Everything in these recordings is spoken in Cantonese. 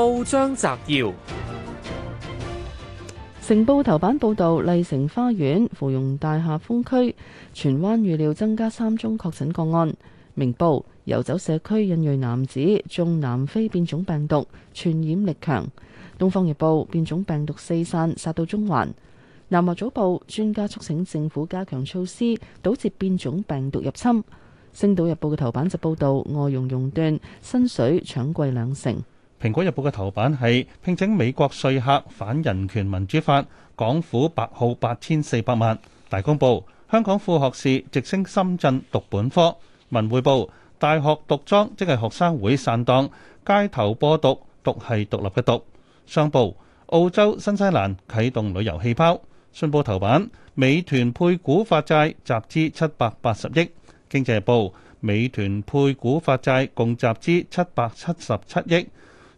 報章摘要：成報頭版報道麗城花園芙蓉大廈封區，荃灣預料增加三宗確診個案。明報游走社區印裔男子中南非變種病毒，傳染力強。東方日報變種病毒四散，殺到中環。南華早報專家促請政府加強措施，堵截變種病毒入侵。星島日報嘅頭版就報道外傭熔斷，薪水搶貴兩成。蘋果日報嘅頭版係聘請美國稅客反人權民主法，港府白耗八千四百萬。大公報，香港副學士直升深圳讀本科。文匯報大學讀莊即係學生會散檔，街頭播獨，獨係獨立嘅獨。商報澳洲新西蘭啟動旅遊氣泡。信報頭版美團配股發債集資七百八十億。經濟日報美團配股發債共集資七百七十七億。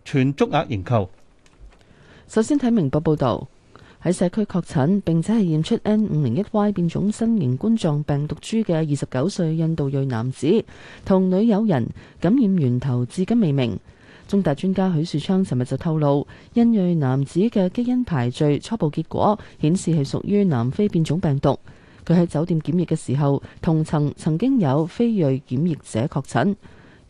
全足額認購。首先睇明報報道，喺社區確診並且係驗出 N 五零一 Y 變種新型冠狀病毒株嘅二十九歲印度裔男子，同女友人感染源頭至今未明。中大專家許樹昌尋日就透露，印裔男子嘅基因排序初步結果顯示係屬於南非變種病毒。佢喺酒店檢疫嘅時候，同層曾經有非裔檢疫者確診。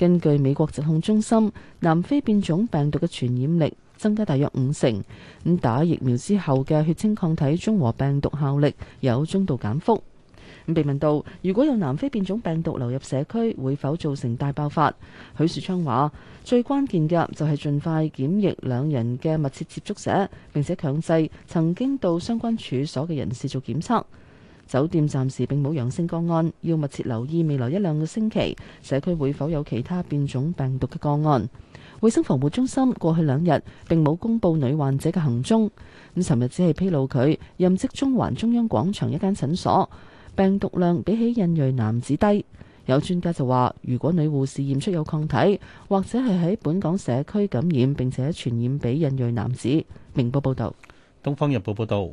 根據美國疾控中心，南非變種病毒嘅傳染力增加大約五成。咁打疫苗之後嘅血清抗體中和病毒效力有中度減幅。咁被問到如果有南非變種病毒流入社區，會否造成大爆發？許樹昌話：最關鍵嘅就係盡快檢疫兩人嘅密切接觸者，並且強制曾經到相關處所嘅人士做檢測。酒店暫時並冇陽性個案，要密切留意未來一兩個星期社區會否有其他變種病毒嘅個案。衞生防護中心過去兩日並冇公佈女患者嘅行蹤，咁尋日只係披露佢任職中環中央廣場一間診所，病毒量比起印裔男子低。有專家就話，如果女護士驗出有抗體，或者係喺本港社區感染並且傳染俾印裔男子。明報報道。《東方日報》報道。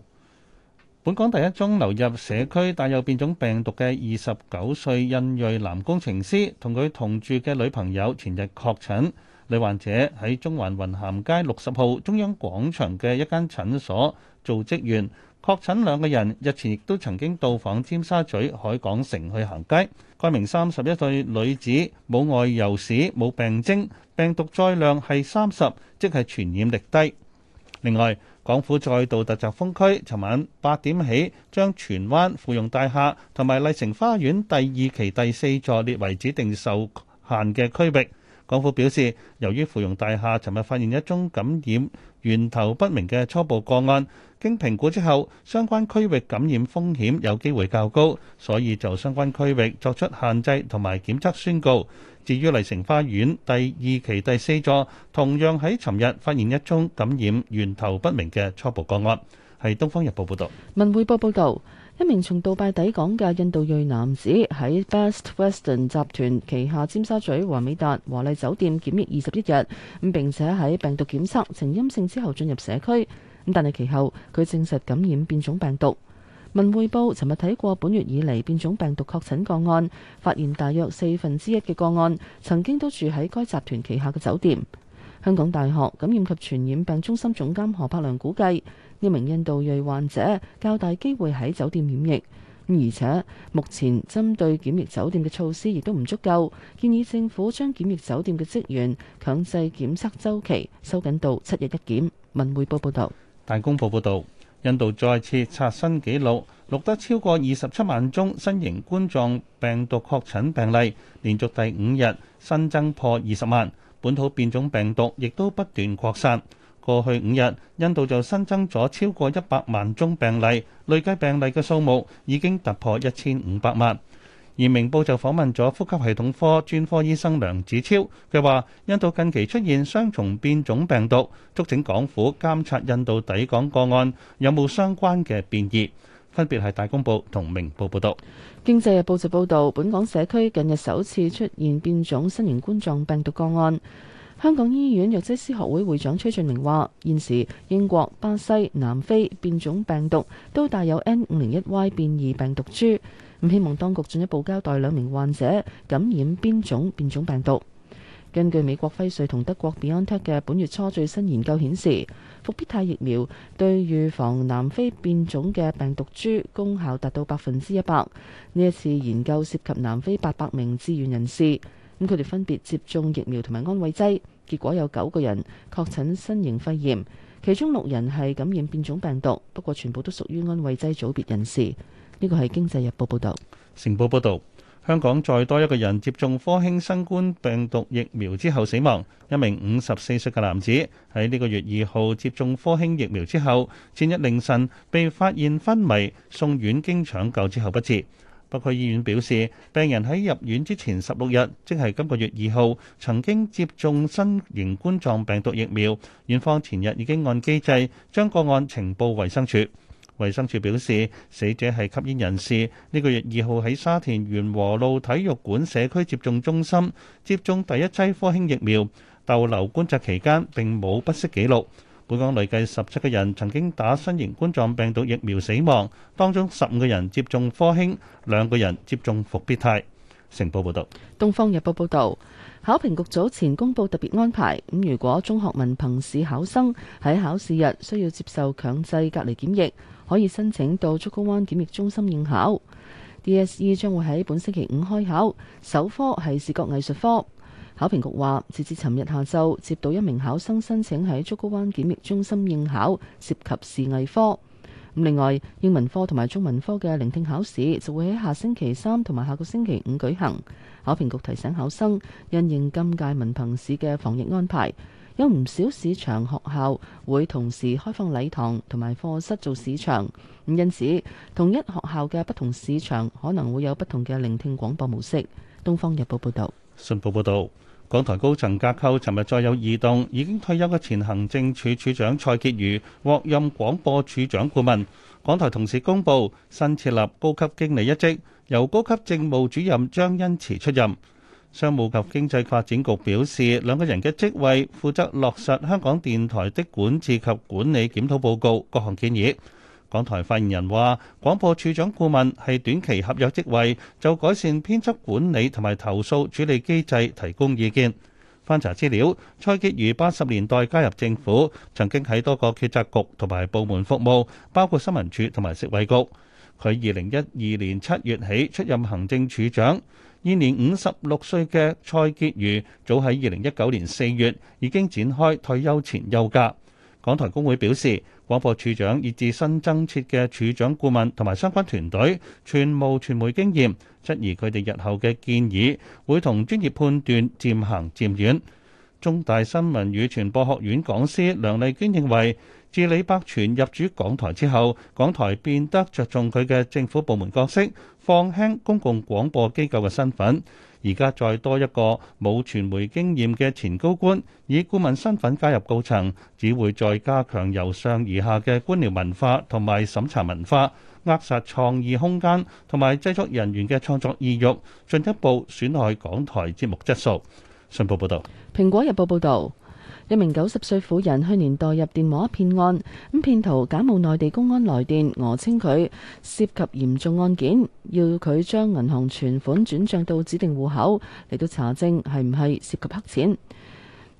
本港第一宗流入社區帶有變種病毒嘅二十九歲印裔男工程師，同佢同住嘅女朋友前日確診。女患者喺中環雲咸街六十號中央廣場嘅一間診所做職員，確診兩個人日前亦都曾經到訪尖沙咀海港城去行街。該名三十一歲女子冇外遊史，冇病徵，病毒載量係三十，即係傳染力低。另外，港府再度突擊封區，尋晚八點起將荃灣芙蓉大廈同埋麗城花園第二期第四座列為指定受限嘅區域。港府表示，由於芙蓉大廈尋日發現一宗感染。源頭不明嘅初步個案，經評估之後，相關區域感染風險有機會較高，所以就相關區域作出限制同埋檢測宣告。至於麗城花園第二期第四座，同樣喺尋日發現一宗感染源頭不明嘅初步個案。係《東方日報》報道，《文匯報》報導。一名從杜拜抵港嘅印度裔男子喺 Best Western 集團旗下尖沙咀華美達華麗酒店檢疫二十一日，咁並且喺病毒檢測呈陰性之後進入社區，但係其後佢證實感染變種病毒。文匯報尋日睇過本月以嚟變種病毒確診個案，發現大約四分之一嘅個案曾經都住喺該集團旗下嘅酒店。香港大學感染及傳染病中心總監何柏良估計。一名印度裔患者較大機會喺酒店檢疫，而且目前針對檢疫酒店嘅措施亦都唔足夠，建議政府將檢疫酒店嘅職員強制檢測週期收緊到七日一檢。文匯報報道，大公報報道，印度再次刷新紀錄，錄得超過二十七萬宗新型冠狀病毒確診病例，連續第五日新增破二十萬，本土變種病毒亦都不斷擴散。過去五日，印度就新增咗超過一百萬宗病例，累計病例嘅數目已經突破一千五百萬。而明報就訪問咗呼吸系統科專科醫生梁子超，佢話：印度近期出現雙重變種病毒，促請港府監察印度抵港個案有冇相關嘅變異。分別係大公報同明報報道。經濟日報就報道，本港社區近日首次出現變種新型冠狀病毒個案。香港醫院藥劑師學會會長崔俊明話，現時英國、巴西、南非變種病毒都帶有 N 五零一 Y 變異病毒株，咁希望當局進一步交代兩名患者感染邊種變種病毒。根據美國輝瑞同德國 Biontech 嘅本月初最新研究顯示，復必泰疫苗對預防南非變種嘅病毒株功效達到百分之一百。呢一次研究涉及南非八百名志願人士。咁佢哋分別接種疫苗同埋安慰劑，結果有九個人確診新型肺炎，其中六人係感染變種病毒，不過全部都屬於安慰劑組別人士。呢個係《經濟日報》報導，《成報》報導，香港再多一個人接種科興新冠病毒疫苗之後死亡，一名五十四歲嘅男子喺呢個月二號接種科興疫苗之後，前一凌晨被發現昏迷，送院經搶救之後不治。北區醫院表示，病人喺入院之前十六日，即係今個月二號，曾經接種新型冠狀病毒疫苗。院方前日已經按機制將個案呈報衛生署。衛生署表示，死者係吸煙人士，呢個月二號喺沙田源禾路體育館社區接種中心接種第一劑科興疫苗，逗留觀察期間並冇不適記錄。本港累計十七個人曾經打新型冠狀病毒疫苗死亡，當中十五個人接種科興，兩個人接種復必泰。成報報道。《東方日報》報道，考評局早前公布特別安排，咁如果中學文憑試考生喺考試日需要接受強制隔離檢疫，可以申請到竹篙灣檢疫中心應考。DSE 將會喺本星期五開考，首科係視覺藝術科。考評局話，截至尋日下晝，接到一名考生申請喺竹篙灣檢疫中心應考，涉及視藝科。另外，英文科同埋中文科嘅聆聽考試就會喺下星期三同埋下個星期五舉行。考評局提醒考生，因應今屆文憑試嘅防疫安排，有唔少市場學校會同時開放禮堂同埋課室做市場。因此，同一學校嘅不同市場可能會有不同嘅聆聽廣播模式。《東方日報》報道，《信報》報道。港台高層架構，尋日再有異動，已經退休嘅前行政處處長蔡潔如獲任廣播處長顧問。港台同時公布新設立高級經理一職，由高級政務主任張恩慈出任。商務及經濟發展局表示，兩個人嘅職位負責落實香港電台的管治及管理檢討報告各項建議。港台發言人話：廣播處長顧問係短期合約職位，就改善編輯管理同埋投訴處理機制提供意見。翻查資料，蔡潔如八十年代加入政府，曾經喺多個決策局同埋部門服務，包括新聞處同埋食衞局。佢二零一二年七月起出任行政處長，現年五十六歲嘅蔡潔如早喺二零一九年四月已經展開退休前休假。港台工會表示，廣播處長以至新增設嘅處長顧問同埋相關團隊全無傳媒經驗，質疑佢哋日後嘅建議會同專業判斷漸行漸遠。中大新聞與傳播學院講師梁麗娟認為，自李百全入主港台之後，港台變得着重佢嘅政府部門角色，放輕公共廣播機構嘅身份。而家再多一個冇傳媒經驗嘅前高官，以顧問身份加入高層，只會再加強由上而下嘅官僚文化同埋審查文化，扼殺創意空間同埋製作人員嘅創作意欲，進一步損害港台節目質素。信報報導。《蘋果日報》報導。一名九十歲婦人去年代入電話騙案，咁騙徒假冒內地公安來電，訛稱佢涉及嚴重案件，要佢將銀行存款轉賬到指定戶口，嚟到查證係唔係涉及黑錢。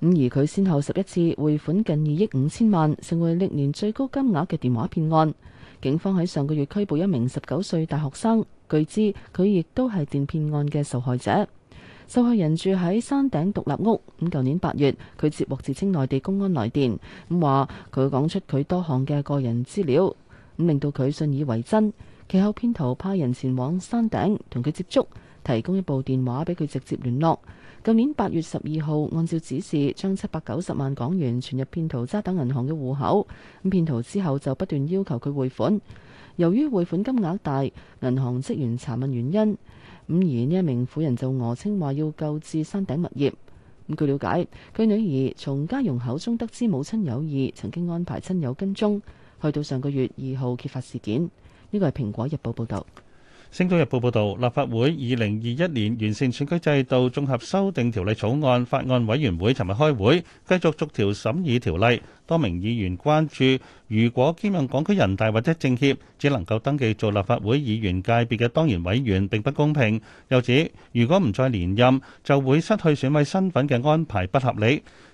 咁而佢先後十一次匯款近二億五千萬，成為歷年最高金額嘅電話騙案。警方喺上個月拘捕一名十九歲大學生，據知佢亦都係電騙案嘅受害者。受害人住喺山頂獨立屋，咁舊年八月，佢接獲自稱內地公安來電，咁話佢講出佢多項嘅個人資料，咁令到佢信以為真。其後騙徒派人前往山頂同佢接觸，提供一部電話俾佢直接聯絡。舊年八月十二號，按照指示將七百九十萬港元存入騙徒渣等銀行嘅戶口。咁騙徒之後就不斷要求佢匯款，由於匯款金額大，銀行職員查問原因。咁而呢一名婦人就訛稱話要購置山頂物業。咁據了解，佢女兒從家傭口中得知母親有意，曾經安排親友跟蹤，去到上個月二號揭發事件。呢個係《蘋果日報》報導。《星島日報》報導，立法會二零二一年完善選舉制度綜合修訂條例草案法案委員會尋日開會，繼續逐條審議條例。多名議員關注，如果兼任港區人大或者政協，只能夠登記做立法會議員界別嘅當然委員，並不公平。又指，如果唔再連任，就會失去選委身份嘅安排，不合理。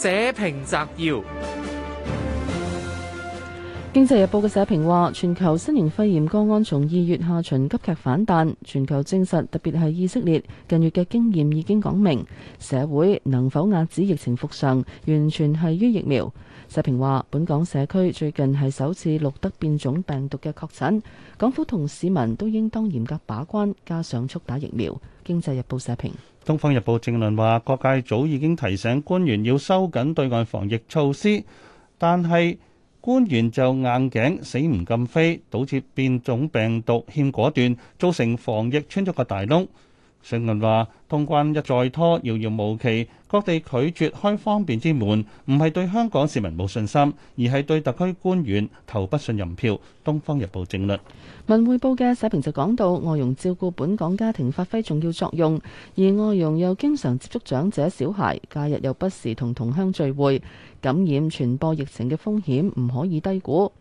社評摘要：經濟日報嘅社評話，全球新型肺炎個案從二月下旬急劇反彈，全球證實，特別係以色列近月嘅經驗已經講明，社會能否壓止疫情復上，完全係於疫苗。社評話，本港社區最近係首次錄得變種病毒嘅確診，港府同市民都應當嚴格把關，加上速打疫苗。經濟日報社評。《東方日報》正論話：各界早已經提醒官員要收緊對外防疫措施，但係官員就硬頸死唔禁飛，導致變種病毒欠果斷，造成防疫穿咗個大窿。信銀話：通關一再拖，遙遙無期，各地拒絕開方便之門，唔係對香港市民冇信心，而係對特區官員投不信任票。《東方日報》正論、《文匯報》嘅社評就講到，外傭照顧本港家庭發揮重要作用，而外傭又經常接觸長者、小孩，假日又不時同同鄉聚會，感染傳播疫情嘅風險唔可以低估。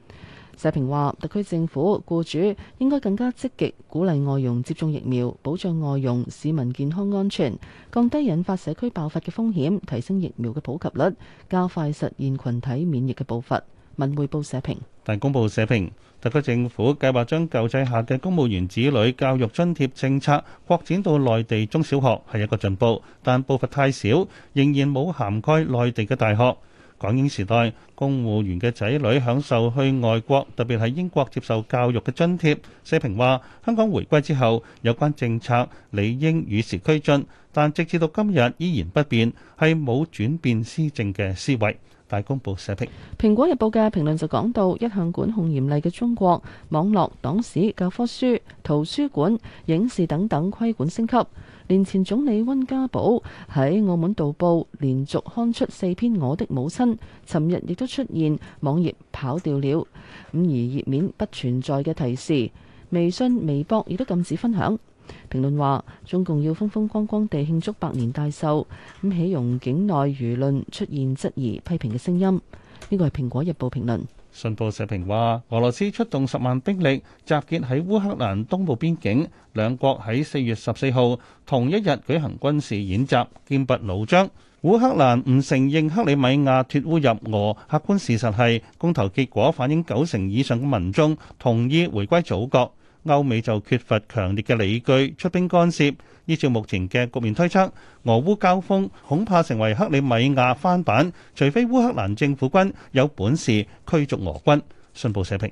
社評話：特區政府雇主應該更加積極鼓勵外傭接種疫苗，保障外傭市民健康安全，降低引發社區爆發嘅風險，提升疫苗嘅普及率，加快實現群體免疫嘅步伐。文匯報社評，大公報社評，特區政府計劃將舊制下嘅公務員子女教育津貼政策擴展到內地中小學係一個進步，但步伐太少，仍然冇涵蓋內地嘅大學。港英時代，公務員嘅仔女享受去外國，特別係英國接受教育嘅津貼。社評話，香港回歸之後，有關政策理應與時俱進，但直至到今日依然不變，係冇轉變施政嘅思維。大公報社評，《蘋果日報》嘅評論就講到，一向管控嚴厲嘅中國，網絡、黨史、教科書、圖書館、影視等等規管升級。年前，總理温家寶喺澳門導報連續刊出四篇《我的母親》，尋日亦都出現網頁跑掉了，咁而頁面不存在嘅提示，微信、微博亦都禁止分享。評論話，中共要風風光光地慶祝百年大壽，豈容境內輿論出現質疑、批評嘅聲音。呢個係《蘋果日報》評論。信報社評話：俄羅斯出動十萬兵力，集結喺烏克蘭東部邊境，兩國喺四月十四號同一日舉行軍事演習，劍拔弩張。烏克蘭唔承認克里米亞脫烏入俄，客觀事實係公投結果反映九成以上嘅民眾同意回歸祖國。歐美就缺乏強烈嘅理據出兵干涉，依照目前嘅局面推測，俄烏交鋒恐怕成為克里米亞翻版，除非烏克蘭政府軍有本事驅逐俄軍。信報社評。